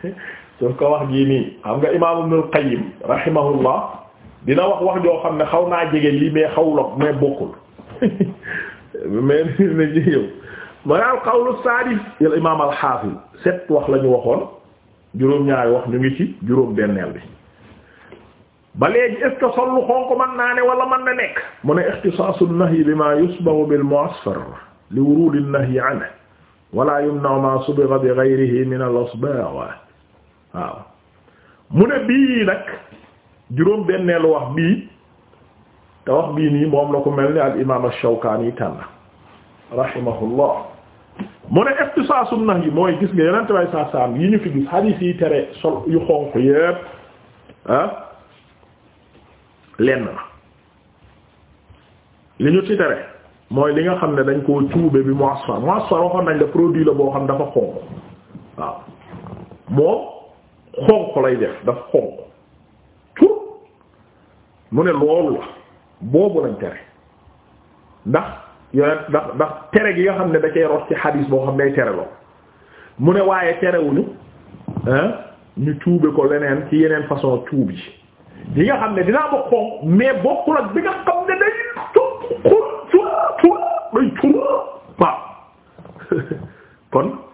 suuf ko wax jii nii xam nga imaam Ibnul Qayyim rahimahullah dina wax wax joo xam ne xaw naa jege lii mais xawul mais bokkul mais dina ci yow mooy al-qawlu as-sadis al imaam al-Hafiz sept wax la waxoon juróom-ñaari wax ñu ngi ci juróom-benneel bi. ba léegi est-ce que man naa ne wala man na nekk mu ne ixtisaasu nahyi bimaa yusbagu bil mu'asfar li wuruudi nahyi anhu wala yumna'u maa subiga bi ghayrihi min al-asbaag waaw mu ne bii nag juróom benneelu wax bii te wax bii nii moom la ko mel ni al imaam ash-Shawkaani tànn rahimahullah mu ne ikhtisaasu yi mooy gis nga yeneen saa saam yi ñu fi gis hadith yi tere sol yu xonq yépp ah, lenn la li ñu ci tere mooy li nga xam ne dañ koo cuube bi mu'asfar mu'asfar waxoon nañ la produit la boo xam dafa xonq waaw moom xonq lay def daf xonq tur mu ne loolu la boobu lañ tere ndax yonent ndax ndax tere gi nga xam ne da cay ci xadiis boo xam ne day tere lool mu ne waaye terewuñu ñu tuube ko leneen ci yeneen façon tuub yi yi nga xam ne dinaa ko xonq mais bokkul ak bi nga xam ne day tur tur tur day tur waaw kon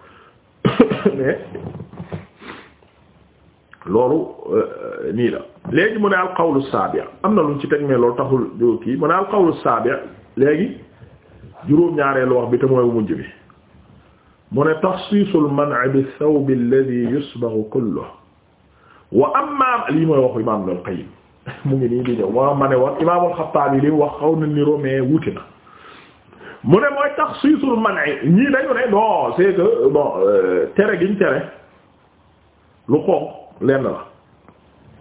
loolu euh, nii la léegi mu ne al qawlu saabi am na lu ci teg mais loolu taxul joo kii mu ne al qawlu saabi léegi juróom-ñaareelu wax bi te mooy mujj bi mu ne taxsiisul man'i bi thawb alladhi yusbaghu kulluhu lii mooy waxu imaam mu ngi nii di ñëw moo ma ne woon imaamul Xattaabi li wax xaw na niroo mais wuti na mu ne mooy taxsiisul man'i ñii dañu ne non c'est que euh, tere giñ tere lu xonq lenn la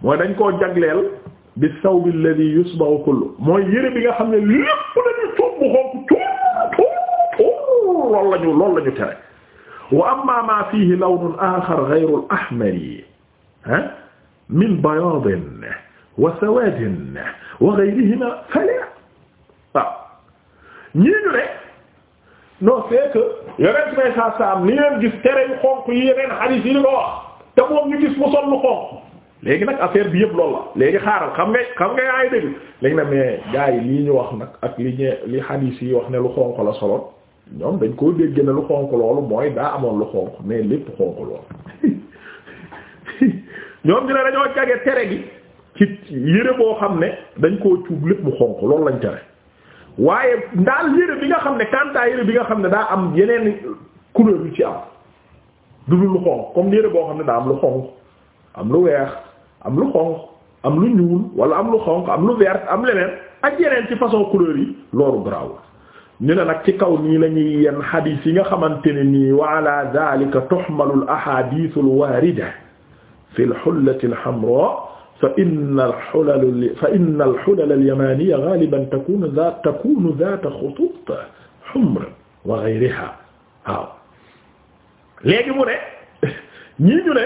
mooy dañ koo jagleel bi sawbi alladhi yusbahu kullu mooy yére bi nga xam ne lépp lañu cuub bu xonk cuub cuub loolu lañu loolu lañu tere wa amma ma fihi lawnun axar ghayru al-ahmari ha ah min bayaadin wa sawaadin wa ghayrihima fala waaw ñii ñu ne non c'est que yeneen may sa saam ni leen gis tere yu xonk yi yeneen xadiis yi li ko wax te moom ñu gis mu sol lu xonq léegi nag affaire bi yëpp loolu la léegi xaaral xam nga xam nga yaay dégg léegi nag mais gars yi lii ñu wax nag ak li ñee li yi wax ne lu xonq la soloon ñoom dañ koo dégg ne lu xonk loolu mooy daa amoon lu xonq mais lépp xonq loolu ñoom ñu ne dañoo jage tere gi ci yére boo xam ne dañ koo cuub lépp mu xonq loolu lañ tere waaye daal yére bi nga xam ne kantaa yére bi nga xam ne daa am yeneen couleur yu ci am du lu xonq comme yére boo xam ne daa am lu xonq am lu weex am lu xonq am lu ñuul wala am lu xonq am lu vert am leneen ak yeneen ci façon couleur yi loolu garaawul ñu ne nag ci kaw nii la ñuy yenn xadiis yi nga xamante ne nii wa ala dalika tuhmalu al ahadith al warida fi al hullati al hamra fa inna al hulal fa inna al hulal al yamaniya ghaliban takunu dhat takunu dhat khutut humr wa ghayriha waaw léegi mu ne ñii ñu ne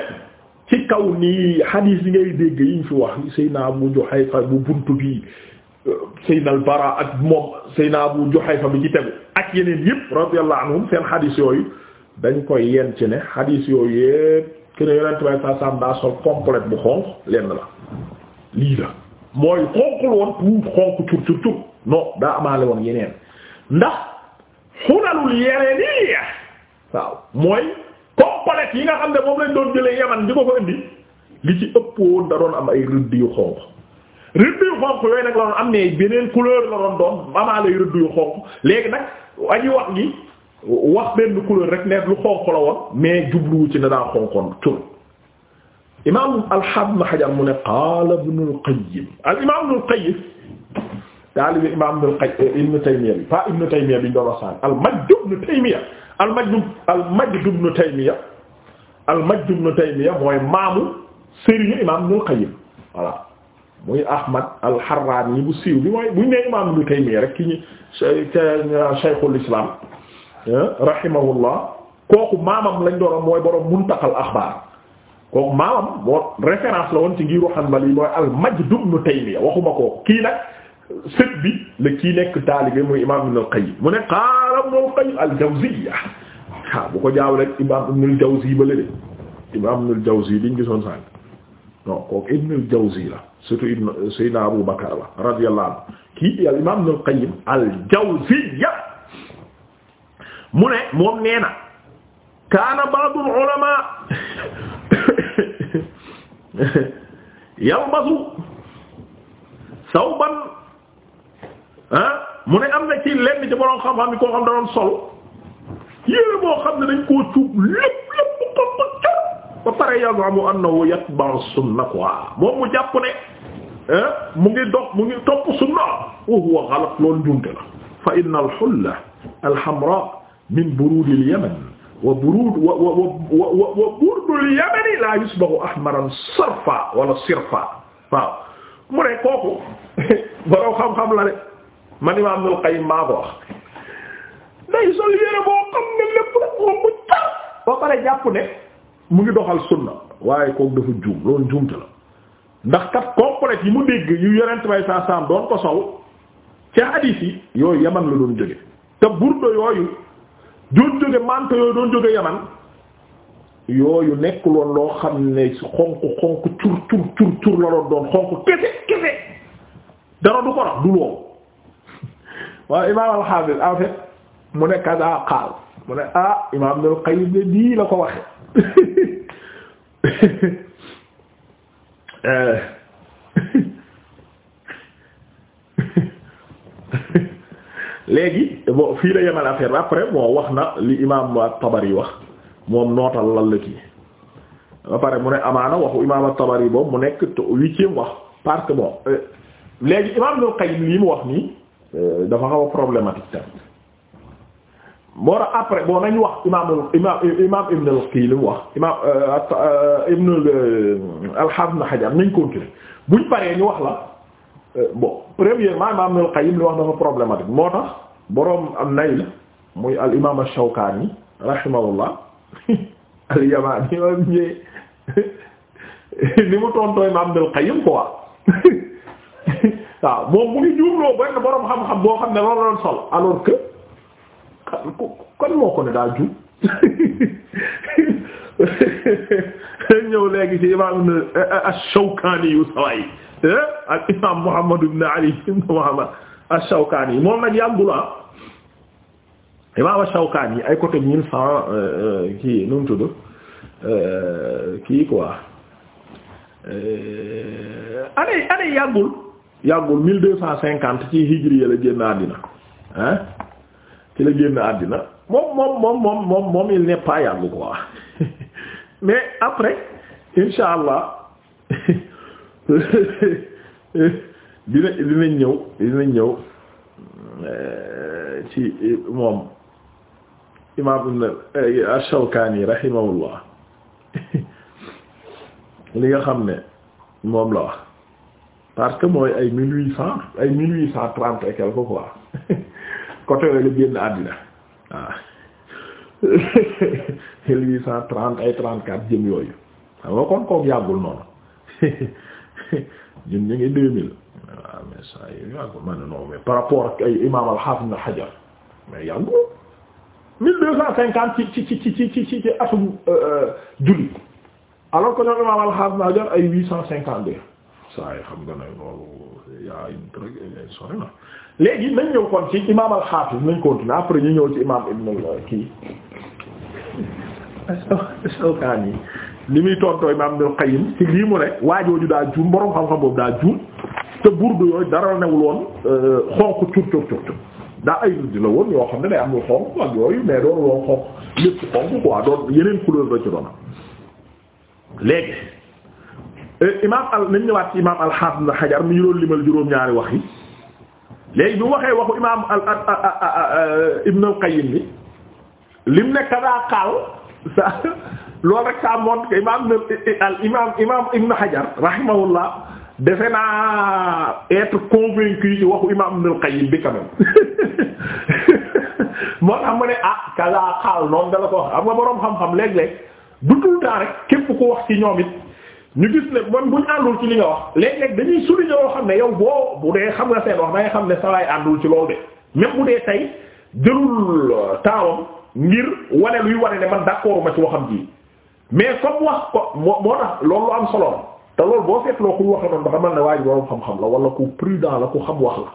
ci kaw nii hadis yi ngay dégg yi ñu fi wax Seydina Abu Juhayfa bu buntu bi Seydina al-Bara ak moom Seydina Abu Juhayfa bi ci tegu ak yeneen yëpp radiyallahu anhum seen hadis yooyu dañ koy yenn ci ne hadis yooyu yëpp kenn yonent bi saa saam daa sol complète bu xonq lenn la lii la mooy xonqul woon tuut xonq cur cur cur daa amaale woon yeneen ndax xunalul yeneen yi waaw mooy comme yi nga xam ne moom lañ doon jëlee yaman di ko ko indi li ci ëpp woon da doon am ay rëdd yu xonq rëdd yu xonq yooyu nag la doon am ne beneen couleur la doon doon mamaa lay rëdd yu xonq léegi nag añu wax gi wax benn couleur rek ne lu xonq la woon mais jubluwu ci ne daa xonqoon cur imam alhabna xajar mu ne qaala ibn al-Qayyim al imam ibn al-Qayyim daal imam ibn qayyim ibn Taymiyya bi pas ibn Taymiyya bi ñu doon wax al-Majd ibn Taymiyya al-Majd al-Majd ibn Taymiyya al-Majd ibn Taymiyya mooy maamu sëriñu imaam Ibn Qayyim voilà muy Ahmad al-Harrani bu siiw bi mooy bu ñu nee imaam Ibn Taymiyya rek ki ñu Shaykhul Islam rahimahullah kooku maamam lañ doon mooy borom Muntaqal Axbaar kooku maamam moo référence la woon ci ngiru Hanbali mooy al-Majd ibn Taymiyya waxuma ko kii nag. sët bi la kii nekk taalibe muy Ibn al mu ne qaala Ibn al-Qayyim al-Jawziyya waaw bu ko jaaw rek imaam Ibn al-Jawzi ba léegi Ibn al-Jawzi liñ gisoon sànq non kooku Ibn al la surtout Ibn Sayyidina Abu Bakr la radiyallahu anhu kii al imaam Ibn al-Qayyim al mu ne moom nee na kaana ba'du al-ulamaa mu ne am na ci lenn ci borom xam-xam yi koo xam da doon sol yére boo xam ne dañ koo cuub lépp lépp ko ba pare yazamu annahu yatba'u sunna quoi moom mu jàpp ne mu ngi dox mu ngi topp sunna wa huwa ghalat loolu njuumte la fa inna al-hulla al-hamra min burud al-yaman wa burud al-yaman la yusbahu ahmaran sarfa wala sirfa mu ne kooku borom xam-xam la de man Imaam Ibnul Qayyim maa ko boo xam ne lépp rek moom mu tar ba pare jàpp ne mu ngi doxal sunna waaye kook dafa juum loolu juumte la ndax kat complète yi mu dégg yu yonent bay saa saam doon ko sol ca hadith yi yooyu yaman la doon jóge te burdo yooyu doon jóge mante yooyu doon jóge yaman yooyu nekkuloon loo xam ne xonq xonq cur cur cur cur la doon doon xonq kese kese dara du ko rax du loolu waaw imaam al-Hafiz mu ne kaza qaal mu ne ah imaam Ibnul Qayyim ne dii la ko waxe léegi bon fii la yemal affaire ba après bon wax na li imaam at-Tabari wax moom nootal lan la kii ba pare mu ne amaana waxu imaam at-Tabari boobu mu nekk huitième wax parce que bon euh, léegi imaam Ibnul Qayyim lii mu wax nii Euh, dafa xaw a problématique tamit moo tax après bon nañ wax imaam imaam imaam Ibn al-Kii li mu wax imaam euh, euh, Ibn al-Hafiz wax la bon premièrement imaam Ibn al-Qayyim li wax dafa problématique moo tax boroom an-Nayl muy al imaam ash-Shawkaani rahimahullah al-Yamaani ni mu tontoo imaam Ibn al-Qayyim quoi. waaw moom mu ngi juumloo benn borom xam-xam boo xam ne loolu doon sol alors que kon moo ko ne daa juum ñëw léegi ci imam eh, eh, ash-Shawkani yu saway eh, al imam Muhammad ibn Ali ibn Muhammad ash-Shawkani moom nag yàggul ah imam ash-Shawkani ay côté mille cent euh, euh, kii nu mu tudd euh, kii quoi année année yàggul mille deux cent cinquante ci hijriya la génn àddina hein ci la génn àddina moom moom moom moom moom moom il n'est pas yàggu quoi mais après insha allah dina dinañ ñëw dinañ euh, moom imaam ash li nga xam ne moom la parce que mooy ay mille huit cent ay mille huit cent trente et quelque quoi côté yooyu la génn àddina waaw mille huit cent trente ay trente quatre jëm yooyu xam nga kon kook yàggul noonu ñun ñu ngi deux mille mais ça y yàggul ma non par rapport ak ay imam al-Hafiz na Hajar mais yàggul mille deux cent cinquante ci euh, euh, alors que ñoom imam al-Hafiz na Hajar ay huit cent cinquante deux saa yi xam nga ne loolu yaa une très eh, eh, sori léegi nañ ñëw kon ci imaam al-Hafiz nañ continuer après ñu ñëw ci imaam ibn kii Shawkaani li muy tontoo imaam Ibnul Qayyim ci lii mu ne waajooju daa juum boroom xam-xam boobu daa juum te burdu yooyu dara newul woon euh, xonq cur cur cur daa ay rëdd la woon yoo xam ne day amul xonq ak yooyu mais doon woon xonq lépp xonq quoi doon yeneen couleur la ci doon léegi Eh, imaam al nañ ñëwaat ci imaam al-Hafiz Hajar mi ñu limal juróom-ñaari wax yi léegi bi mu waxee waxu imaam al Ibn al bi lim ne kadaa qaal sa loolu al imaam imaam Ibn Hajar rahimahullah defe naa être convaincu ci waxu imaam Ibn al-Qayyim bi quand moo tax mu ne ah kadaa qaal noonu da la ko wax am nga boroom xam-xam léeg-léeg du tout temps rek képp ko wax ci ñoom it. ñu gis ne man buñ àndul ci li nga wax léeg-léeg dañuy souligner yoo xam ne yow boo bu dee xam nga seen wax da ngay xam ne sa waay àndul ci loolu de même bu dee tay jëlul euh, taawam ngir wane luy wane ne man d'accord ma ci waxam ji mais comme wax ko moo moo tax loolu am solo te loolu boo loo kuy waxe noonu ba xamal ne waa ji borom xam-xam la wala ku prudent la ku xam wax la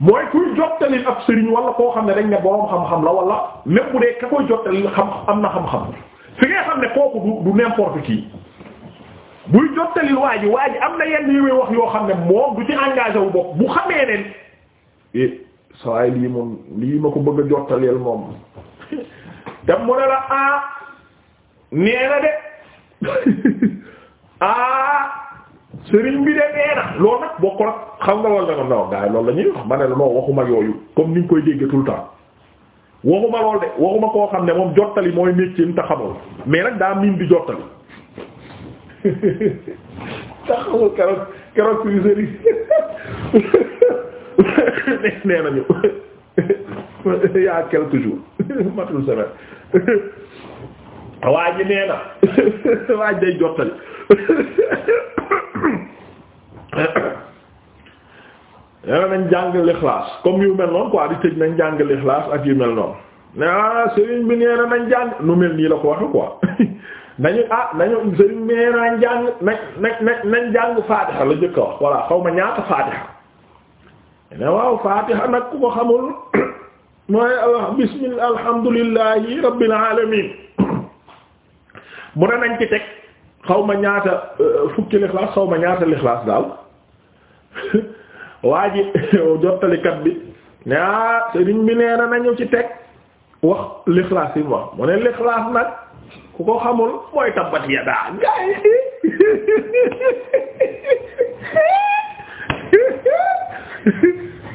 mooy kuy jottali ak sëriñ wala koo xam ne dañ ne borom xam-xam la wala même bu dee ka koy jottali xam am na xam-xam ne kooku du du n'importe qui. buy jottali waa waaj am na yenn yu wax yoo xam ne moom du ci engagé wu bokk bu xamee neen eh saa lii moom lii ma ko bëgg a jottaleel moom te mu ne la ah nee na de ah sëriñ bi de nee na loolu nag bokkul ak xam nga loolu da nga non gars yi loolu la ñuy wax ma ne la non waxuma yooyu comme ni koy déggee tout le temps waxuma lool de waxuma koo xam ne moom jottali mooy métier te xamul mais nag daa miin di jottali. taxawul keroog keroog puudar nee nañu y a quelques jours matul semaine waa ji nee na day jottali nee nañ jàng lixlaas comme yu mel noonu quoi di tëj nañ jàng lixlaas ak yu mel noonu ah sëriñ bi nee nañ jàng nu mel nii la ko waxee quoi. nañu ah nañu sëriñ mee naa jàng nañ nañ nañ jàng faatiha la jëkk a wax wala xaw ma ñaata faatiha ne waaw faatiha nag ku ko ah, bismillah alhamdulillahi rabbil alamin mu ne nañ ci teg xaw ma ñaata euh, fukki lixlaas xaw ma ñaata lixlaas daal waa ji jottalikat bi ne ah sëriñ bi nee na nañu ci teg wax lixlaas yi mu wax mu ne lixlaas nag ku ko xamul mooy tabbat yadaa gaa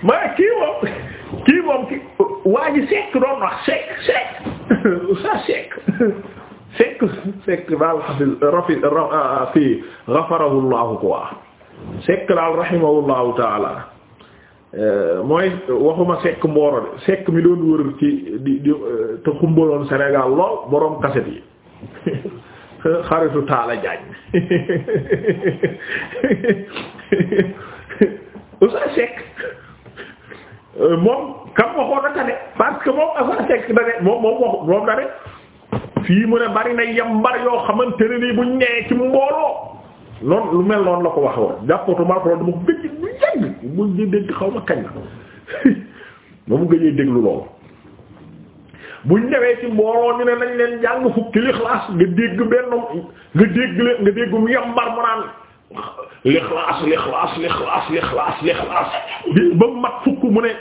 maa kii moom kii sekk doon wax sekk sekk sekk sekk sekk daal rafi fi ghafarahu llahu quoi sekk daal rahimahu llahu taala eh, mooy waxuma sekk mbooro de sekk mi doon wër ci di di te xumbaloon Sénégal xaritu taala jaañ Ousa Seck euh, moom kam waxoon na tane parce que moom Ousa Seck da ne moom moom wax moom da ne fii mu ne bari na yambar yoo xamante ne nii bu ñëwee ci mbooloo noonu lu mel noon la ko waxee woon jàppootu maa ko dama ko gëj bu yàgg bu ñu dégg xaw ma kañ la ba mu gëjee déglu loolu. buñ ñëwee ci mbooloo ñu ne nañ leen jàng fukki lixlaas nga dégg benn nga dégg leen nga dégg mu yambar mu naan lixlaas lixlaas lixlaas lixlaas lixlaas bi ba mu mat fukk mu ne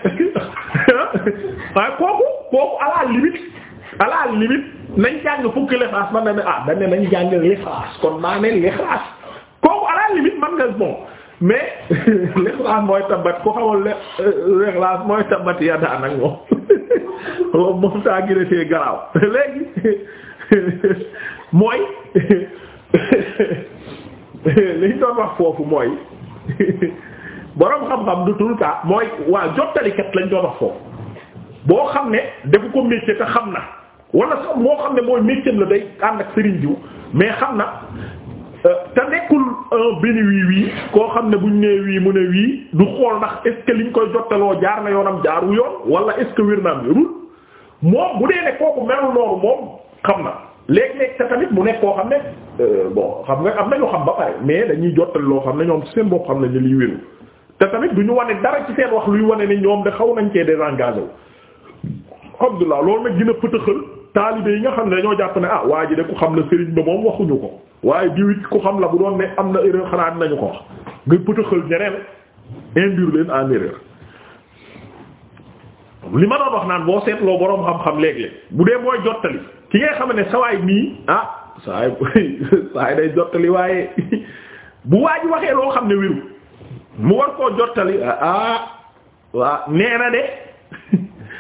waaye kooku kooku à la limite à nañ jàng fukki lixlaas man na ne ah dañ ne nañ jàng lixlaas kon naa ne lixlaas kooku à la man nga bon mais lixlaas mooy tabat ku xamul euh, lixlaas mooy tabat ya daan ak moom moom moom taa gën a see garaaw léegi mooy li doon wax foofu mooy boroom xam-xam du tout mooy waa jottalikat lañ doon wax foofu boo xam ne defu ko métier te xam na wala sax moo xam ne mooy métier la day ànd ak sëriñ diw mais xam na euh, te nekkul un benn wii wii koo xam ne buñ nee wii mu ne wii du xool ndax est ce que liñ koy jottaloo jaar na yoonam jaaru yoon wala est ce que wér moom bu dee ne kooku melul noonu moom xam na léeg-léeg te tamit mu nekk koo xam ne euh, bon xam nga am na ñu xam ba pare mais dañuy jottali loo xam ne ñoom ci seen bopp xam nañ ñu liy wéru te tamit du ñu wane dara ci seen wax luy wane ne ñoom de xaw nañ cee désengagé wu. Abdullah loolu nag dina pëtëxal taalibe yi nga xam ne dañoo jàpp ne ah waa ji de ku xam la Serigne ba moom waxuñu ko waaye diw it ku xam la bu doon ne am na erreur xanaa nañu ko wax nga pëtëxal ñeneen en erreur. li ma doon wax naan boo seetloo boroom xam-xam léeg-léeg bu dee mooy jottali ki nga xam ne sawaay mii ah sawaay sawaay day jottali waaye bu waa waxee loo xam ne wiru mu war koo jottali ah waa nee na de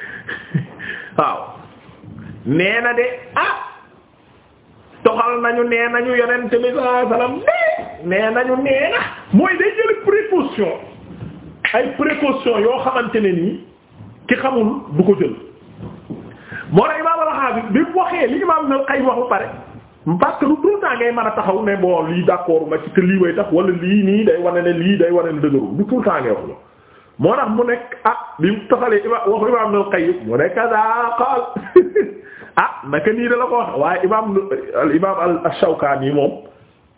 waaw nee na de ah toxal nañu nee nañu yonent bi sallallahu alayhi wasallam eh, nee nañu nee na mooy day jël précaution ay précaution yoo xamante ne nii ki xamul du ko jël moo tax imaam al bi mu waxee li imaam Ibn al-Qayyim wax ba pare parce que lu tout le ngay mën a taxaw ne bon lii d'accord ma ci te lii way tax wala lii nii day wane ne lii day wane ne dëgëru lu tout le temps ngay wax la moo tax mu nekk ah bi mu taxalee imaam waxu imaam Ibn al mu nekk daa qaal ah naka nii da la ko wax waaye imaam al imaam al-Shawkani moom.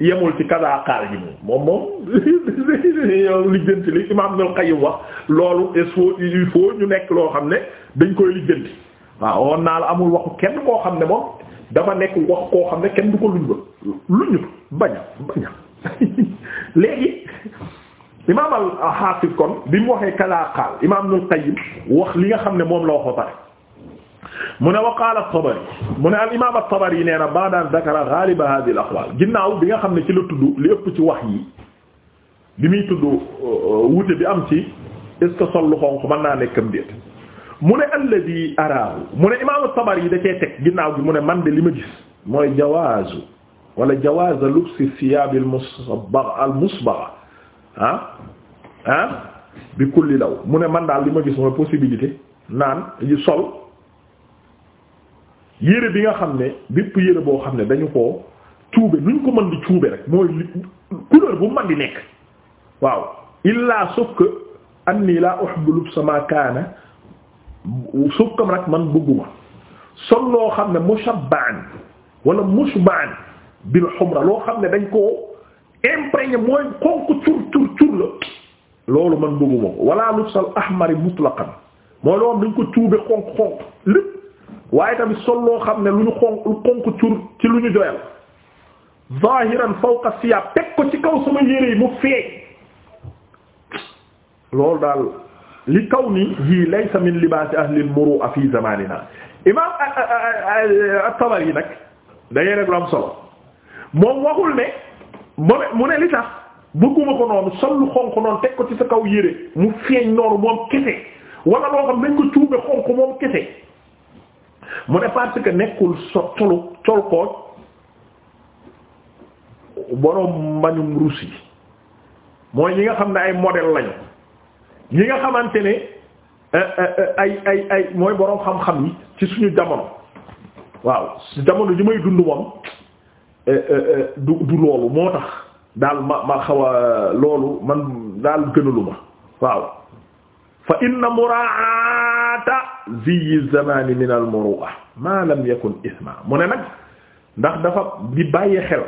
yemul ci kaza xaal ji moom moom moom li imam Ibnul Qayyim wax loolu il faut il faut ñu nekk loo xam ne dañ koy lijjanti waaw woon naa la amul waxu kenn koo xam ne moom dafa nekk wax koo xam ne kenn du ko luñ ba luñu baña baña léegi imam al-Hafiz kon bi mu waxee kaza xaal imam Ibnul wax li nga xam ne moom la waxoo pare mu ne wa qaala tabari mu ne al-imaam at-Tabari yi nee na ba'da dhakara ghaaliba ginnaaw bi nga xam ne ci la tudd li ëpp ci wax yi bi muy tudd euh, wuute bi am ci est sol lu xonq mën naa nekkam déet mu ne alladhi araahu mu ne imaam at-Tabari yi teg ginnaaw bi mu ne man de li ma gis mooy jawaazu wala jawaaza lubsi thiyaab al-musbagha al-musbagha ah ah bi kulli law mu ne man daal li ma gis mooy possibilité naan yi sol. yére bi nga xam ne bépp yére boo xam ne dañu ko cuube nuñ ko mën di cuube rek mooy couleur bu mën di nekk waaw illa sauf que anni la uhibbu lubsa ma kaana sauf que nag man bëgguma sol loo xam ne mushabbaan wala mushbaan bil humra loo xam ne dañ ko imprégné mooy xonq cur cur cur la loolu man bëgguma ko wala lubsal ahmari mutlaqan mooy loo dañ ko cuube xonq xonq lépp waaye tamit sol loo xam ne lu ñu xonq lu xonq cur ci lu ñu doyal zahiran fawqa siyab teg ko ci kaw sama yére yi mu feeñ loolu daal li kaw ni hi laysa min libaasi ahli al-muru'a fi zamanina imam at-Tabari nag dangay rek lu am solo moom waxul ne mu ne li tax bëgguma ko noonu sol lu xonq noonu teg ko ci sa kaw yére mu feeñ noonu moom kese wala loo xam nañ ko cuube xonq moom kese mu ne parce que nekkul so colu col kooj boroom mbañum ruus yi mooy ñi nga xam ne ay modèle lañu ñi nga xamante ne euh, euh, ay ay ay mooy boroom xam-xam yi ci suñu jamono waaw jamono ji may dund moom euh, du du loolu moo tax daal ma ma xaw loolu man daal gënalu ma waaw fa inna muraa ziyi zamani min al muru'a ma lam yakun isma mu ne nag ndax dafa di bàyyi xel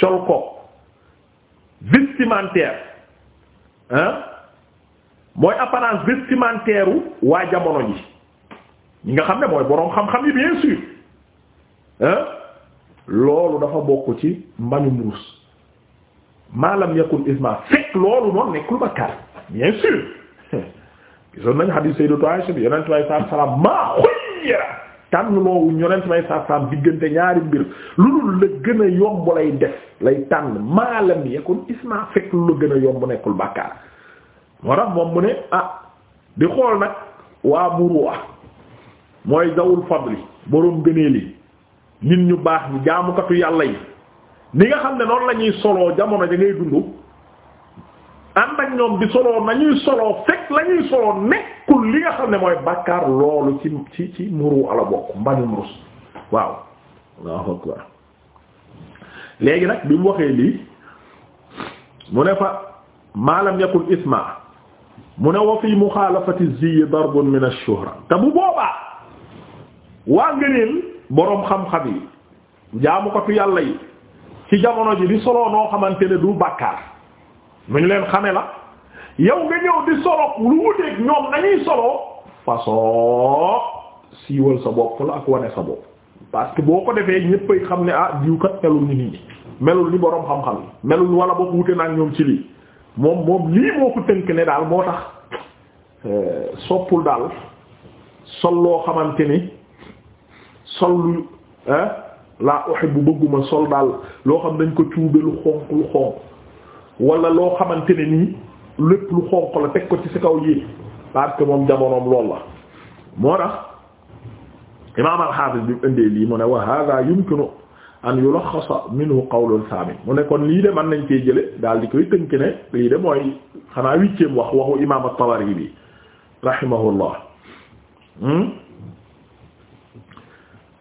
col ko mooy apparence vestimentaire waa jamono ji ñi nga xam ne mooy boroom xam-xam yi bien sûr loolu dafa bokk ci mbañum ruus ma lam yakun isma fekk loolu noonu nekkul bakkaar bien sûr gisoon nañ xadiis Sayyidatu Aisha bi yonent may saab salaam maa xuyyira tànn loowuñ yonent may saab salaam diggante ñaari mbir lu dul la gën a yomb lay def lay tànn maalam yakun isma fekk lu la gën a yomb nekkul bàkkaar moo tax moom mu ne ah di xool nag waa Murwa mooy dawul fadli boroom gëneel yi nit ñu baax ñi jaamukatu yàlla yi ni nga xam ne noonu la ñuy soloo jamono ja ngay dund ànd ak ñoom di soloo nañuy soloo fekk la soloo nekkul li nga xam ne mooy bàkkaar loolu ci ci ci muru ala bokk mbanum rus waaw waaw akbar léegi nag bi mu waxee lii mu ne fa maalam yakul isma mu ne wa fi muxaalafati ziyi darbun min ash-shuhra te bu boobaa waa ngëneel boroom xam-xam yi jaamu ko yàlla yi ci jamono ji di soloo noo xamante ne du bàkkaar nuñ leen xame la yow nga ñëw di solo lu wuteeg ñoom nañuy solo façon siiwal sa bopp la ak wane sa bopp parce boo ko defee ñëppay xam ne ah diw kat melul ni nit ñi melul ni boroom xam-xam yi melul ni wala bopp wute naag ñoom ci lii moom moom lii moo ko tënk ne daal moo tax euh, soppul daal sol loo xamante ni sol lu la bu bëgguma sol daal loo xam dañ ko cuube lu xonq lu xonq wala loo xamante ne nii lépp lu xonq la teg ko ci sa kaw yéeg parce que moom jamonoom lool moo tax imaam al bi mu lii mu wa hadha yumkinu an yulaxasa minhu qawlun thamin mu kon lii de man nañ cee jële daal di koy tënk ne lii de mooy xanaa huitième wax waxu imaam at bi rahimahullah hmm?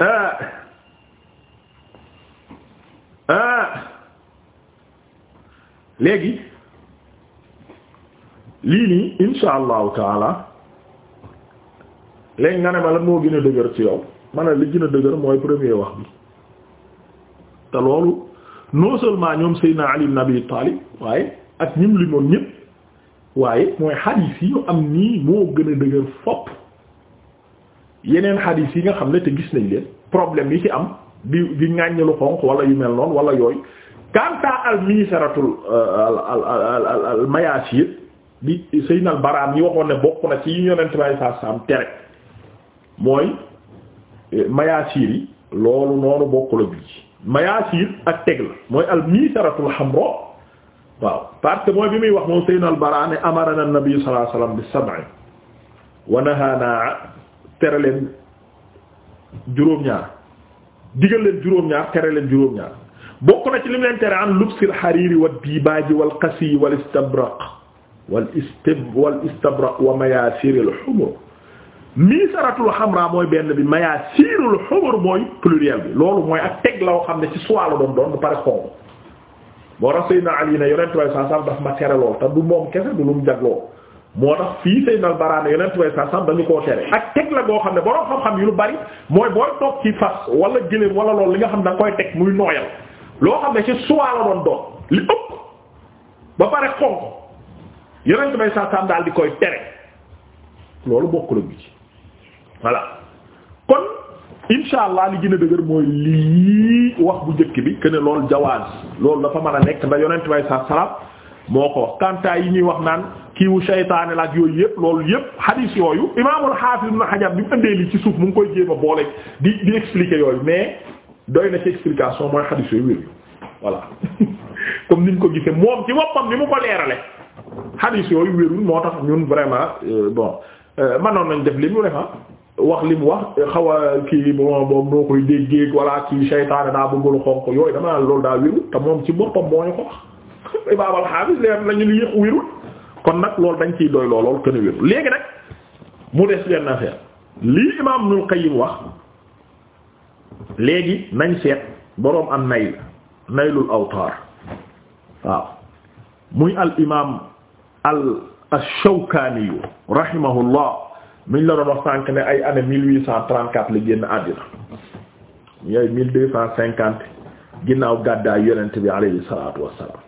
ah ah léegi lii nii insha allahu taala léegi nga ne ma lan moo gën a dëgër ci yow ma ne li gën a dëgër mooy premier wax bi te loolu non seulement ñoom Seydina Ali ibn Abi waaye ak ñim limoon ñëpp waaye mooy xadiis yi ñu am nii moo gën a dëgër fopp yeneen xadiis yi nga xam ne te gis nañ leen problème yi ci am di di ŋàññi xonq wala yu mel noonu walla yooy kanta al misaratul euh, al bi sëynal sayyidina baraan yi waxoon ne bokk na ci yu yonent bay sa tere mooy euh, mayasir yi loolu noonu bokku la bii mayasir ak teg la mooy al misaratul hamra waaw parce que mooy bi muy wax moom sayyidina al baraan amarana nabi sallallahu alayhi wasallam bi sab'i wa nahana tere leen juróom-ñaar digal leen juróom-ñaar tere leen juróom-ñaar bokk na ci lim leen tere an lubsil xariiri wa dibaaji wal qasiyi wal istabraq wal istib wal istabraq wa mayaasiril xumur miisaratul xamra mooy benn bi mayaasirul xumur mooy pluriel bi loolu mooy ak teg la xam ne ci soit la doon doon bu pare ma tere lool te du moom kese du lu mu jagloo moo tax fii Seydina Al-Bara ne yonent way dañu koo tere ak teg la boo xam ne borom xam-xam yu lu bari mooy booy toog ci fas wala gëléem wala loolu li nga xam ne da nga koy teg muy nooyal. loo xam ne ci suwaa la doon doon li ëpp ba pare xonq yonent bay saasaam daal di koy tere loolu bokkul ak bi ci kon insha allah li gën a dëgër mooy lii wax bu njëkk bi que ne loolu jawaaz loolu dafa man a nekk ndax yonent bay saasaam moo ko wax kantaa yi ñuy wax naan kiiwu seytaane la ak yooyu yëpp loolu yëpp hadith yooyu imaamul Hafiz Ibn Hajar bi mu ëndee li ci suuf mu ngi koy jéem a boole di di expliquer yooyu mais. doy na ci explication mooy xadis yooyu wér voilà comme niñ ko gisee moom ci boppam ni mu ko leerale xadis yooyu wérul moo tax ñun vraiment euh, bon euh, manoon nañ def li mu def ah, wax li mu wax xaw a kii bon moom noo koy déggee wala kii seytaane daa bëggul xonq yooyu dama naan loolu daa wérul te moom ci boppam moo ko wax imaam al leer nañu li yëpp wérul kon nag loolu dañ ciy doy lool lool kenn wérul léegi nag mu des benn affaire lii imaam Ibnul Qayyim wax. léegi nañ seet boroom am nay naylul awtaar waaw muy al imaam al ash-Shawkaani rahimahullah miñ la doon ne ay année mille huit cent la génn àddina ñu ay mille deux cent cinquante ginnaaw gàddaay yonent bi alayhi salaatu wassalaam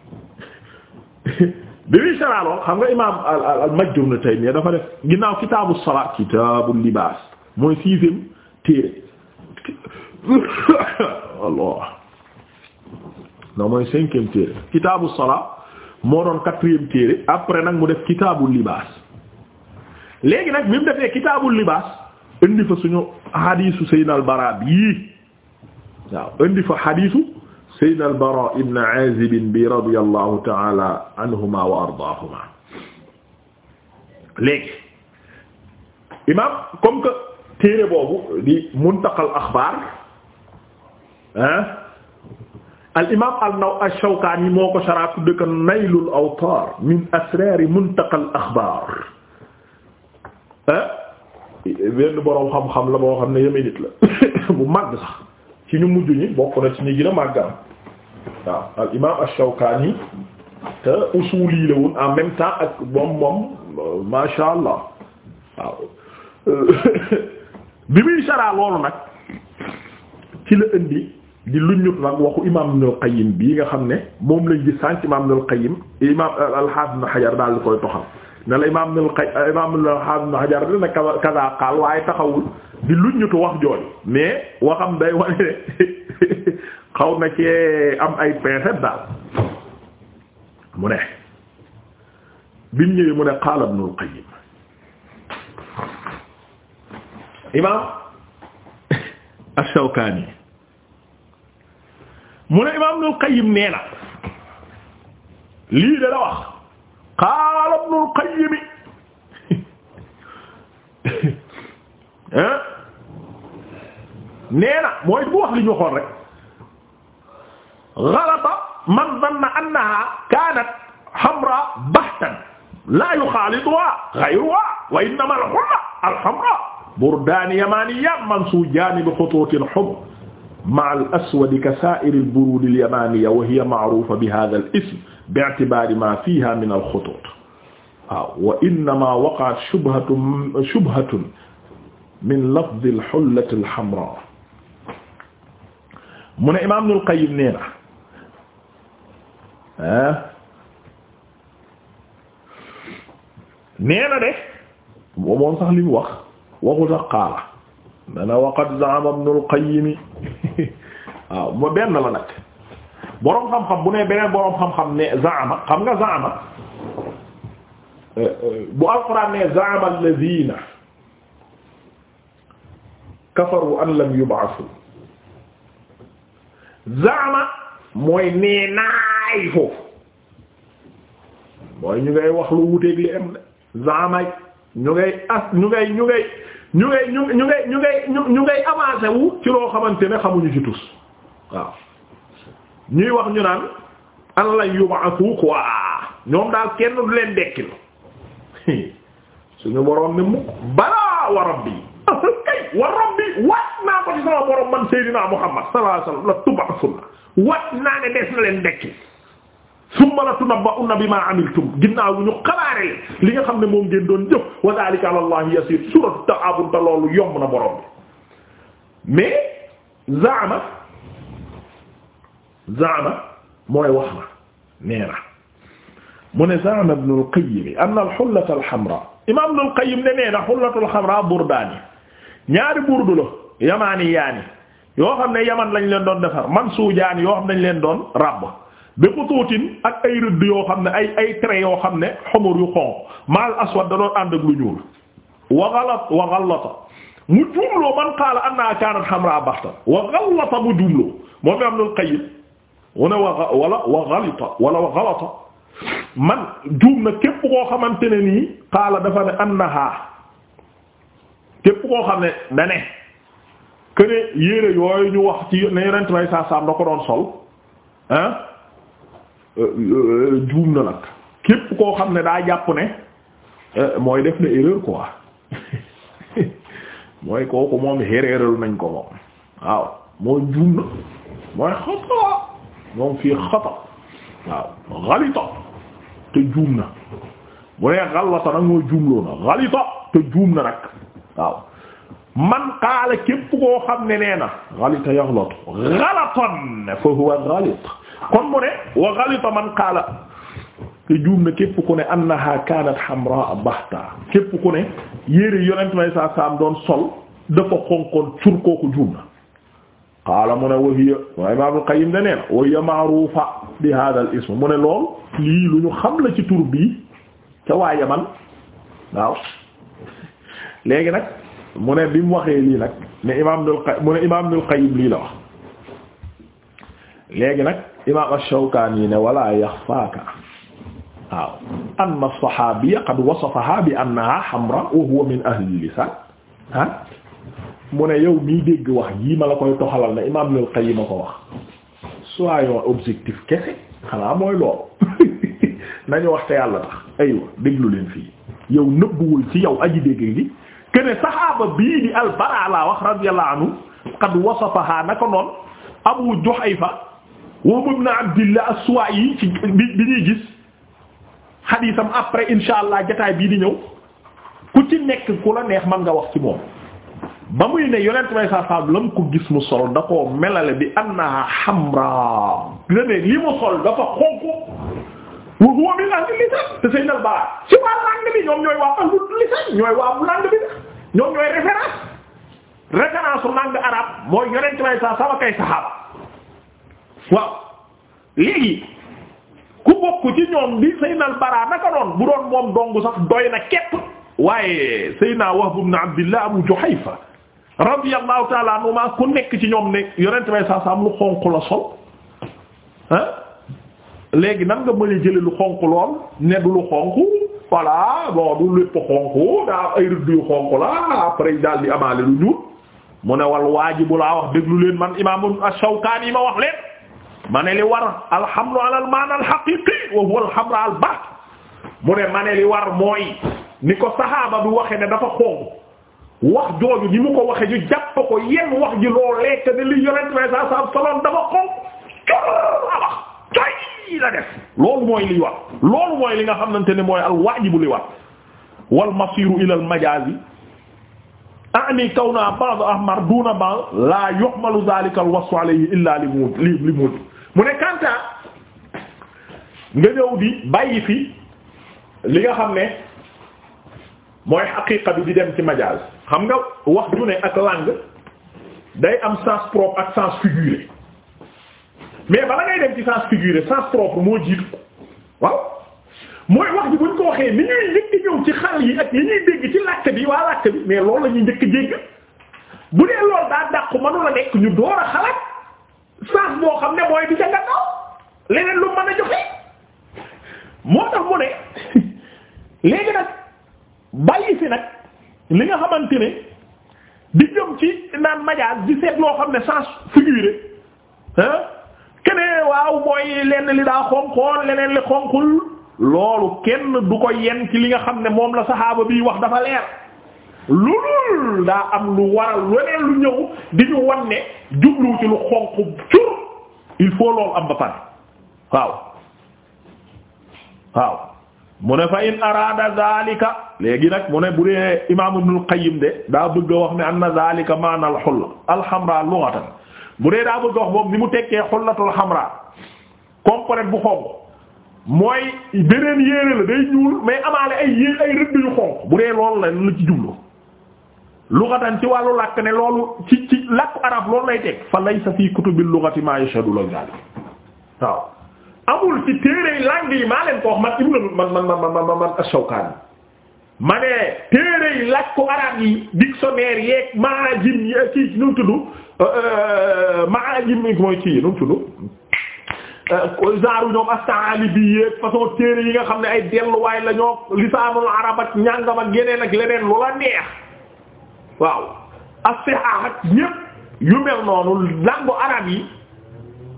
bi muy saraaloo xam nga imaam al al Majd ibn Taymiyya dafa def ginnaaw kitaabu salaat kitaabu libaas mooy sixième téere Allah non mooy cinquième téere kitaabu salaa moo doon quatrième téere après nag mu def kitaabu libaas léegi nag bi mu defee kitaabu libaas indi fa suñu xadiisu Seydina al-Bara bii waaw indi fa xadiisu Seydina al-Bara ibn Aazib bi radiyallahu ta'ala anhuma wa ardaahuma léegi imaam comme que téere boobu di Muntaqal Axbaar ah al imaam al naw ash-Shawkaani moo ko saraatu dëkk naylul awtaar min asraari muntaqa al axbaar ah boroom xam-xam la boo xam ne yemee nit la bu màgg sax ci ñu mujj ñi bokk na ci ñi gën a màggam waaw al imaam ash-Shawkaani te usuuli la woon en même temps ak moom moom masha waaw bi muy saraa loolu nag ci la indi. di luñut nag waxu imaam Ibnul Qayyim bii nga xam ne moom lañ gis sànq imaam Ibnul Qayyim imaam al-Hafiz Ibn daal di koy toxal ne la imaam Ibnul Qayyim imaam al wax jooy mais xaw na cee am mu ne shawkaani mu ne imaam Ibnul Qayyim nee na lii de la wax qaala Ibnul Qayyim nee na mooy bu wax li ñu waxoon rek galata man danna annaha kaanat hamra bahtan laa yuxaalituha gayruha wa innama al-humra al-hamra burdaani yamaaniya mansuujaani bi xutuutin humr ma'al aswadi ka saa'iril buruudil yamaaniyya wa hiya ma'ruufa bi haadhal ism bi'tibaari maa fiihaa minal xutuut waaw wa innamaa waqa'at shubhatun shubhatun min lafdil hullatil hamraa mu ne Imaam Ibnul Qayyim nee na ah, nee na de moom sax li mu wax waxu sax qaala dana waqad zaama Ibnul Qayyim waaw ma xam-xam bu ne beneen boroom xam-xam ne zaama xam nga zaama bu alquran ne zaama alladhina kafaru an lam yub'asu zaama mooy nee naay foofu mooy ñu ngay wax lu li am ne zaama ñu ngay as ngay ngay ñu ngay ñu ñu ngay ñu ngay ñu ngay avancé wu ci loo xamante ne xamuñu ci tus waaw ñuy wax ñu naan an la yub'athu quoi ñoom daal kenn du leen dekkil suñu boroom ne mukk balaa wa rabbi wa rabbi wat naa ko ci sama boroom man Seydina Muhammad sallallahu alayhi wasallam la tub'athuna wat naa ne des na leen dekkil summa la tunabba'unna bimaa amiltum ginnaaw bi ñu xabaare li nga xam ne moom ngeen doon jëf wa dhalika ala allahi yasiir suuratu Taghaabun te loolu yomb na borom bi mais zaama zaama mooy wax na nee na mu ne zaama Ibn al-Qayyim anna al-hullata al-hamraa imaam Ibn al-Qayyim ne nee na hullatu al-hamraa burdaani ñaari burdu la yamaaniyaani yoo xam ne yaman lañ leen doon defar mansuujaani yoo xam ne dañ leen doon ràbb bi xutuutin ak ay rëdd yoo xam ne ay ay traits yoo xam ne xumur yu xonq maal aswad da doon ànd ak lu ñuul wa galat wa galata mu juumloo man qaala annahaa kaanat hamraa baxta wa galata mu wa galita wala wa galata man juum na képp koo xamante ne nii qaala dafa ne annahaa képp koo xam ne da ne que ne yére yooyu ñu wax ci ne yonent may saa saam da ko doon sol juum na nag képp koo xam ne daa jàpp ne eh, mooy def na erreur quoi mooy kooku moom héréeral nañ ko moom waaw mooy juum na mooy xata moom fii xata waaw xalita te juum na bu nee xallata nag mooy juumloo na xalita te juum na nag waaw man xaala képp koo xam ne nee na xalita yaxlatu xalatan fa huwa xalit kon mu ne wa ghalita man qaala te juum na képp ku ne annaha kaanat hamraa baxta képp ku ne yére yonent may saa saam doon sol dafa xonqoon cur kooku juum na qaala mu ne wa hiya wa imaam al-Qayyim da nee na wa hiya ma'ruufa xam la ci tur bii ca waa Yaman waaw léegi nag mu ne bi mu waxee lii nag ne imaam Ibnul Qayyim mu ne imaam Ibnul Qayyim lii la wax léegi nag imaam ash-Shawkaani ne wala yaxfaaka waaw anna as-sahaabiyya qad wasafahaa bi annahaa hamraa wa huwa min ahli lisaan ah mu ne yow miy dégg wax yii ma la koy toxalal ne imaam Ibnul Qayyim a ko wax soyons objectif kese xanaa mooy loolu nañu wax te yàlla tax aywa déglu leen fii yow nëbbuwul ci yow aji dégg gi kene saxaaba bii di al-Baraa laa wax radiyallahu anhu qad wasafahaa naka noonu Abu Juhayfa Wahb ibn Abdillah as-Suwa'i ci bi ñuy gis xadiisam après insha allah jotaay bii di ñëw ku ci nekk ku la neex mën nga wax ci moom ba muy ne yonent may saa saab ko gis mu sol da koo melale bi annaha hamra ne li mu sol dafa xonq wa huwa min ahli lisaan te sëy nal balaa ci waa langue bi ñoom ñooy waa ahli lisaan ñooy waa bu langue bi da ñoom ñooy référence référence langue arabe mooy yonent may saa kay saxaaba waaw léegi ku bokk ci ñoom bi Seydina al-Bara naka doon bu doon moom dong sax doy na képp waaye Seydina Wahb ibn Abdillah Abu Juhayfa radiyallahu ta'ala anhuma ku nekk ci ñoom ne yonent bay saa lu xonq la sol ah léegi nan nga mën a jële lu xonq lool ne lu xonq voilà bon du lépp xonq daa ay rëdd yu xonq la après daal di amaale lu ñuul mu ne wal waajib laa wax déglu leen man imaam Ash-Shawkani ma wax leen ma ne li war alhamdu ala al maana al haqiqi wa huwa al hamra al bat mu ne ma ne li war mooy ni ko saxaaba bi waxe ne dafa xoobu wax jooju ni mu ko waxe ñu jàpp ko yenn wax ji loo lekk ne li yonent may sa sa soloon dafa xoob a wax coy la def loolu mooy liy war loolu mooy li nga xamante ne mooy al waajibu li war wal masiru ila al majaazi ani kaw naa ba'd ahmar duna ba'd la yuhmalu dhalika al wasfu alayhi illa li mu li mu mu ne Kantaa nga ñëw di bàyyi fi li nga xam ne mooy xaqiqa bi di dem ci majaas xam nga wax ju ne ak langue day am sens propre ak sens figuré mais bala ngay dem ci sens figuré sens propre moo jiitu waaw mooy wax ji buñ ko waxee ni ñuy njëkk ñëw ci xal yi ak li ñuy dégg ci làkk bi waa làkk bi mais loolu la ñuy njëkk dégg bu dee loolu daa dàqu mënu nekk ñu door a xalaat. saas boo xam ne mooy bi ca leneen lu mën a joxe moo tax mu ne léegi nag bàyyi nag li nga xamante ni di jëm ci naan majaas di seet loo xam ne sens figuré ah waaw mooy lenn li daa xonqoon leneen li xonqul loolu kenn du ko yenn ci li nga xam ne moom la saxaaba bi wax dafa leer loolu daa am lu waral leneen lu ñëw di ñu wan ne jublu ci lu xonq cur il faut loolu am ba pare waaw waaw mu ne fa in araada zalika léegi nag mu ne bu dee imaam Ibnul Qayyim de daa bëgg a wax ne anna zalika maana al xulla alxamra bu dee daa bëgg a wax moom ni mu tekkee xullatul xamra complet bu xonq mooy beneen yéere la day ñuul mais amaale ay yé yu xonq bu dee loolu la lu ci jublu lughatan ci wàllu làkk ne loolu ci ci làkku arab loolu lay teg fa laysa fii kutubil lughati ma yashhadu la zalik waaw amul ci téere langue yi maa leen ko wax man ibnu man man man man man Shawkani ma ne téere yi làkku arab yi dictionnaire yeeg maajim yi ci nu mu euh, euh, maajim yi mooy ci nu mu tudd euh, yi nga xam ne ay delluwaay la ñoo lisaanul arab ak ñàngam ak yeneen ak leneen lu la neex waaw as-sihah ak ñépp yu mel noonu langu arab yi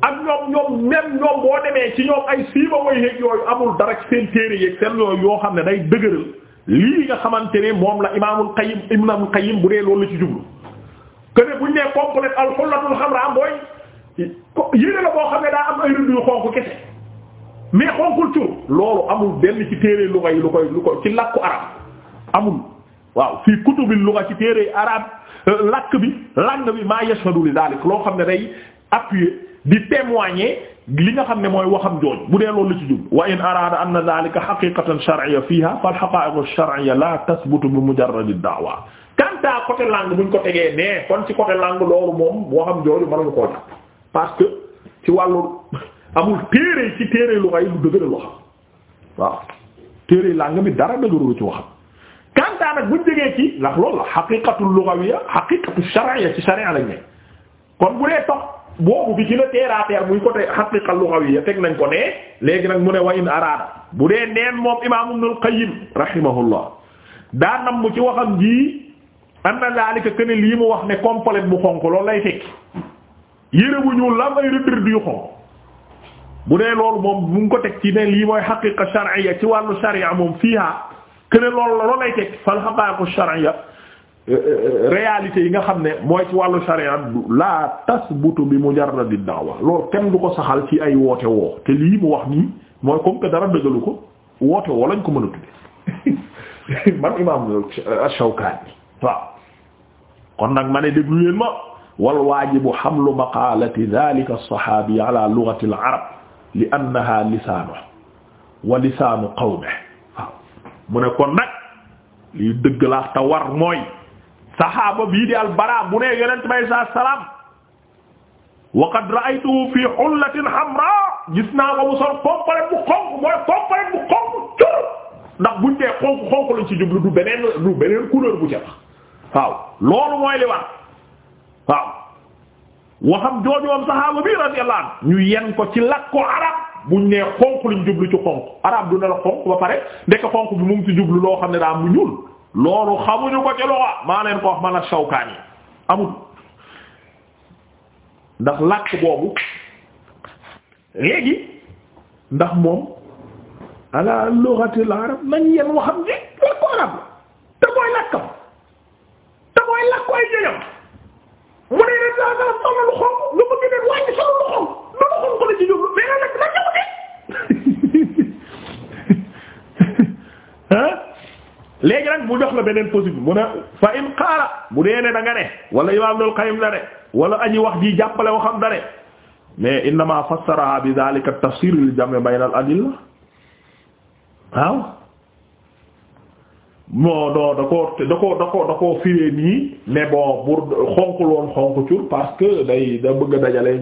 ak ñoom ñoom même ñoom boo demee ci ñoom ay siiba way yeeg yooyu amul dara ci seen téere yeeg seen yoo xam ne day dëgëral lii nga xamante ne moom la imaamul qayyim ibnul qayyim bu dee loolu la ci jublu que bu buñ nee complet al-hullatul xamra mooy yére la boo xam ne daa am ay rëdd yu xonk kese mais xonqul tur loolu amul benn ci téere lu koy lu koy lu koy ci làkku arab amul. waaw fii kutubil lugha ci téere arab euh, làkk bi langue bi maa yashhadu li daalik loo xam ne day appuyer di témoigner li nga xam ne mooy waxam jooj bu dee loolu la ci jub wa in araada anna daalika haqiqatan shar'iyya fiha fal haqa'iqu shar'iyya la tasbutu bi mujarrad ad-da'wa kanta côté langue buñ ko tegee nee kon ci côté langue loolu moom waxam jooju mënuñu koo jàpp parce que ci wàllu amul téere ci téere lu xay lu dëgëral waxam waaw téere langue bi dara dëgëru ci waxam kantaa nag buñ jógee ci ndax loolu la xaqiqatu lughawiyya xaqiqatu shar'iyya ci sharia lañ ne kon bu dee tox boobu bi gën a terre à terre muy côté xaqiqa lughawiyya teg nañ ko ne léegi nag mu ne wa in araada bu dee neen moom imaam Ibnul Qayyim rahimahullah daan nam mu ci waxam ji am na daalika que ne lii mu wax ne complet bu xonq loolu lay fekk yére bu ñuul la may rëdd yu xonq bu dee loolu moom mu ngi ko teg ci ne lii mooy xaqiqa shar'iyya ci wàllu sharia moom fiiha que ne loolu la loolu lay haqaa'iqu shar'iyya euh, euh, réalité yi nga xam ne mooy ci wàllu sharia la tasbutu bi mujarradi da'wa loolu kenn du ko saxal ci ay woote woo te lii mu wax ni mooy kom que dara dëggalu ko woote woo lañ ko mën a tudde man imaam Shawkaani waaw kon nag ma ne déglu leen ma wal waajibu hamlu maqaalati dhaalika as-sahaabi al-arab li annaha lisaanu wa lisaanu qawmihi mu ne kon nag lii dëgg laa te war mooy saxaaba bii di albara bu ne yonent bay saa salaam wa qad fi hullatin hamra gis naa ko mu sol complet bu xonq mooy bu xonq cur ndax buñ dee xonq xonq lañ ci jublu du beneen du bu ca waaw loolu mooy li war waaw waxam jooju am saxaaba bi ko ci làkku arab buñ nee xonq luñ jublu ci xonq arab du ne la xonq ba pare ndekk xonq bi mu ngi ci jublu loo xam ne daa am ñuul loolu xamuñu ko ci loxa maa leen ko wax man ak Shawkaani amul ndax làkk boobu léegi ndax moom ala lughatil arab nañ yeen waxam ji làkku arab mu jox la beneen possible mu ne fa in qaala bu dee ne da nga ne wala imaam Ibnul Qayyim da ne wala aji wax ji jàppale waxam da ne mais innama fassaraha bi dhalika tafsir lil jam' bayna adilla waaw moo doo da ko da ko da ko da koo firee nii mais bon pour xonkul woon xonk cur parce que day da bëgg a dajale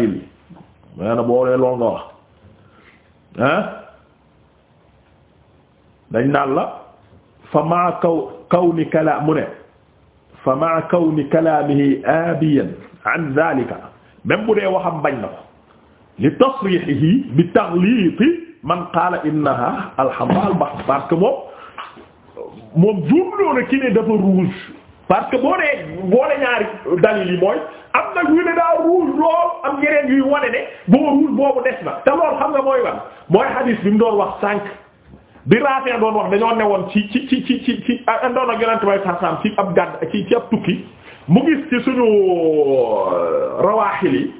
yi mais na boo lee lool nga wax ah dañ naan fa maa kaw kawni kalaam mu ne fa maa kawni kalaamihi aabiyan an zaalika même bu dee waxam bañ na ko li tasriixihi bi taxliiti man qaala innaha alhamra albahr parce que moom moom juumloo na ki ne dafa rouge parce que boo nee boole ñaari dalil yi mooy am na ñu ne daa rouge lool am ñeneen yuy wane ne boo rouge boobu des na te lool xam nga mooy wan mooy hadis bi mu doon wax sànq. bi Rafi' doon wax dañoo ne woon ci ci ci ci ci andoon ak yonent bay saasaam ci ab gàdd ci ci ab tukki mu gis ci suñu euh, rawaaxil yi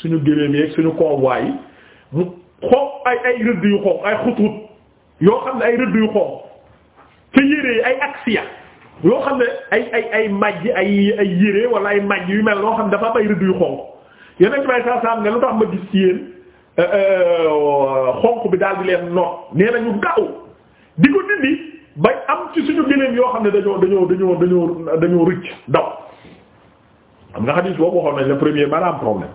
suñu gëléem yi ak suñu convoi yi mu yu xoox ay yoo xam ne ay rëdd yu xoox te yére ay yoo xam ne ay ay ay ay yére wala ay majj yu mel noo xam ne dafa am ay rëdd yu xonq yeneen bay saasaam ne lu tax ma gis ci yéen euh, euh, xonq bi daal di leen noot nee na ñu di ko dindi bay am ci suñu génneem yoo xam ne dañoo dañoo dañoo dañoo dañoo rëcc daw xam nga xadis boobu waxoon nañ la premier maanaam problème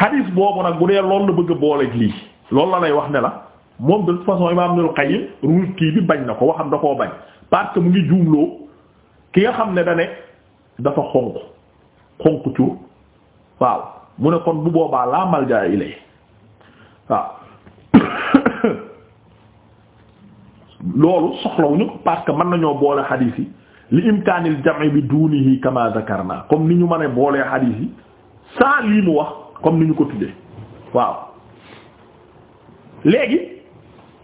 xadis boobu nag bu dee loolu la bëgg a booleeg lii loolu la lay wax ne la moom de toute façon imaam Ibnul Qayyim ruus kii bi bañ na ko waxam da koo bañ parce que mu ngi juumloo ki nga xam ne da ne dafa xonq xonq cuur waaw mu ne kon bu boobaa laa malja ilay waaw loolu soxlawuñu ko parce que mën nañoo boole xadiis yi li imkaanil jam'i bi dunihi kama zakarna comme ni ñu mën a boolee xadiis yi saa lii mu wax comme ni ñu ko tuddee waaw léegi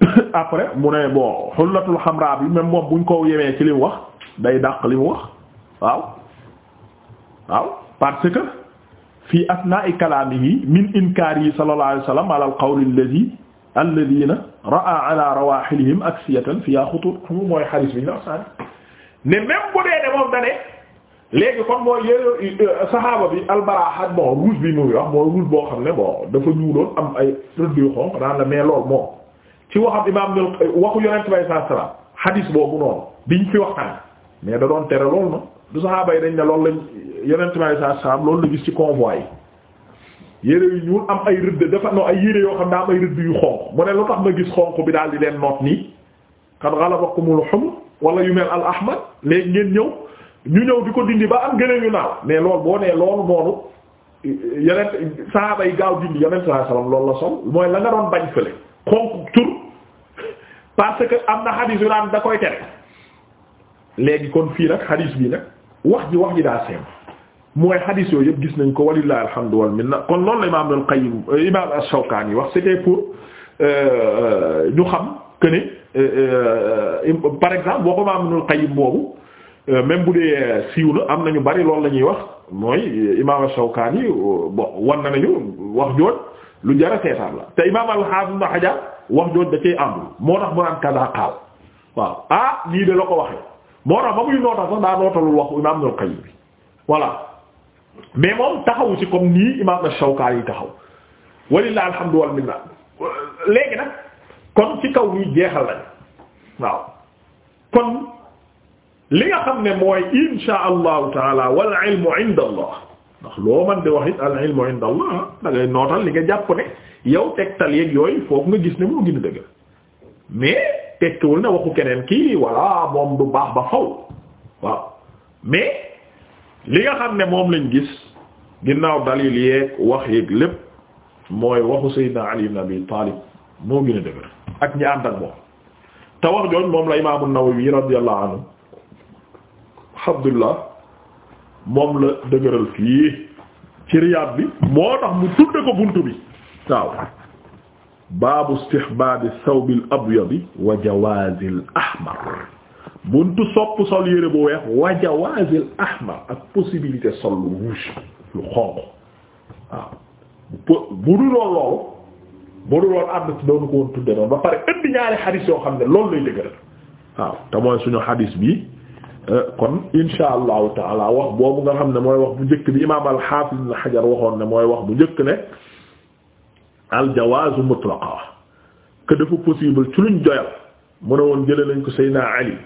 après mu ne bon xullatul xamra bi même moom buñ ko yemee ci li mu wax day dàq li mu wax waaw waaw parce que fii asnaa'i kalaamihi min inkaari sallallahu alayhi wa sallam ala al qawl alladhi alladina raa ala rawaxilihim aksiyatan fiha xutur mooy xalis bi ñu la sànni ne même ne moom dane léegi kon mooy yooyu euh, saxaaba bi albarahat bon rouge bi muy wax mooy rouge boo xam ne bon dafa ñuuloon am ay rëdd yu xonq daan la mais lool moom ci waxam imam waxu yonent bay saa salaam boobu noonu biñ fi waxtaan mais da doon tere loolu na du saxaaba yi dañ ne loolu lañ yonent bay saa salaam la gis ci convoi yére yu ñuul am ay rëdd dafa no ay yére yoo xam ne am ay rëdd yu xonq mu ne lu tax ma gis xonq bi daal di leen noot nii xad ghalabakumul humr wala yu mel al ahmar léegi ngeen ñëw ñu ñëw di ko dindi ba am gënee ñu naaw mais loolu boo nee loolu noonu yonent saaba yi gaaw dindi yonent sallallahu alayhi loolu la sol mooy la nga doon bañ fële xonq tur parce que am na xadiis yu daan da koy tere léegi kon fii nag xadiis bi nag wax ji wax ji daa seem mooy hadith yooyu yëpp gis nañ ko walillahi alhamdu wal minna kon loolu la imaam al Qayyim euh, imaam ash-Shawkani wax c'était pour euh, euh, ñu xam que boobu même bu dee siiw na am nañu bari loolu la ñuy wax mooy imaam ash-Shawkani bon wan na nañu wax jooj lu jara seetaan la te imaam al-Hafiz Ibn wax jooj da cee àndul moo tax mu naan kaza qaal waaw ah lii de la ko waxee moo tax ba muy nootal sax daa nootalul waxu imaam al Qayyim bi voilà. mais moom taxawu ci comme nii imaam Shawkaani yi taxaw walillahi alhamdu wal minna léegi nag kon ci kaw luy jeexal lañ waaw kon li nga xam ne mooy insha allahu taala wal ilmu allah ndax loo allah da li nga jàpp ne yow tegtal yeeg yooyu foofu nga gis ne moo gën a dëgg mais tegtuwul ne waxu keneen ki walla moom du baax ba faw waaw li nga xam ne moom lañu gis ginnaaw dalil yeeg wax yeeg lépp mooy waxu Seydina Ali ibn Abi Talib moo gën dëgër ak ñi ànd ak moom te wax joon moom la imaamu Nawawi radiyallahu anhu Abdullah moom la dëgëral fii ci Riyad bi moo tax mu tudde ko buntu bi waaw baabu istihbaabi thawbi al abyadi wa jawaazi al ahmar buntu sopp sol yére bu weex wa jawaazil ahmar ak possibilité sol lu rouge lu xonq waaw bu du loolu bu du lool àdduna si doonu ko woon tudde noonu ba pare indi ñaari xadiis yoo xam ne loolu lay dëgëral waaw te mooy suñu xadiis bi eh, kon insha allahu taala wax boobu nga xam ne mooy wax bu njëkk bi imaam al-Hafiz Ibn waxoon ne mooy wax bu njëkk ne al mutlaqa que dafa possible ci luñ joyal mu ne woon jële nañ ko Seydina Ali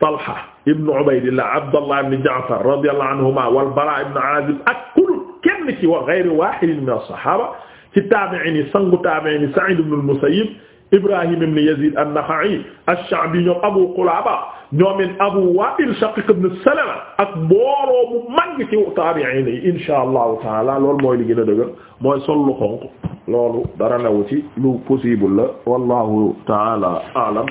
Talha ibn Ubaydillah Abdallah ibn Ja'far radiyallahu anhuma wal Bara ibn Azib ak kulul kenn ci wa ghayru wahidin min as-sahaba ci taabi'iin yi sangu taabi'iin yi Sa'id ibn al-Musayyib Ibrahim ibn Yazid an-Nakha'i ash-Sha'bi ñoom Abu Qulaba ñoomin Abu Wa'il Shaqiq ibn Salama ak mbooloo bu mag ci taabi'iin yi insha allahu taala loolu mooy li gën a dëgër mooy sol lu xonq loolu dara newu ci lu possible la wallahu taala a'lam